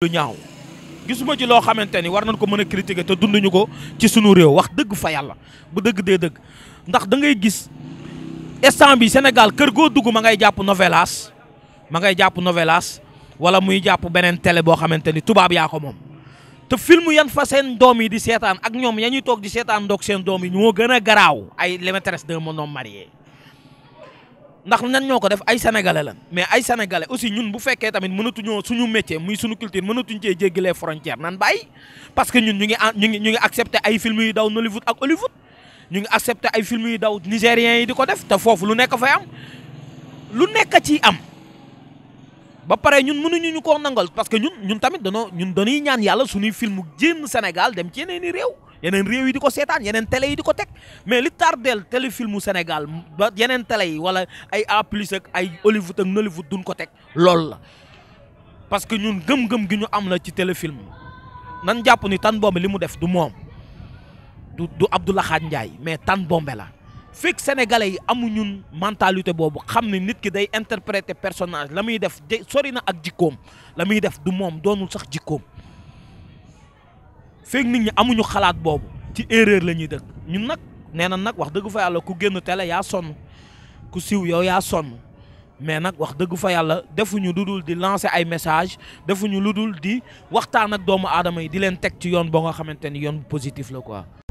lu ñaaw gisuma ci loo xamante ni war nañ ko mën a critiquer te dunduñu ko ci sunu réew wax dëgg fa yàlla bu dëgg dee dëgg ndax da ngay gis instant bi Sénégal kër goo dugg ma ngay jàpp novelas ma ngay jàpp novelas wala muy jàpp beneen tele boo xamante ni tubaab yaa ko moom te film yan fa seen doom yi di seetaan ak ñoom ya ñuy toog di seetaan ndoog seen doom yi moo gën a garaaw ay les maîtresses d'un homme marié ndax nan ñoo ko def ay sénégalais la mais ay sénégalais aussi ñun bu fekkee tamit mënatuñoo suñu métier muy suñu culture mënatuñ cee jéggi les frontières nan bàyyi parce que ñun ñu ngi ñu ngi ñu ngi accepté ay film yu daw Nollywood ak Hollywood ñu ngi accepté ay film yu daw nigériens yi di ko def te foofu lu nekk fay am lu nekk ci am ba pare ñun mënuñu ñu koo nangal parce que ñun ñun tamit danoo ñun dañuy ñaan yàlla suñuy film génn Sénégal dem ci yeneen réew yeneen réew yi di ko seetaan yeneen télé yi di ko teg mais li tardeel téléfilmu Sénégal ba yeneen télé yi wala ay A plus ak ay Hollywood ak Nollywood duñ ko teg loolu la parce que ñun gëm-gëm gi ñu am la ci téléfilm nan jàpp ni Tan Bombe li mu def du moom du du Abdou Lahad Ndiaye mais Tan Bombe la fekk sénégalais yi amu ñun mentalité boobu xam ne nit ki day interpréter personnage la muy def sori na ak jikkoom la muy def du moom doonul sax jikkoom feeg nit ñi amuñu xalaat boobu ci erreur la ñuy dëkk ñun nag nee na nag wax dëgg fa yàlla ku génn télé yaa sonn ku siiw yow ya sonn mais nag wax dëgg fa yàlla defuñu lu dul di lancer ay message defuñu lu dul di waxtaan ak doomu aadama yi di leen teg ci yoon boo nga xamante ni yoon positif la quoi.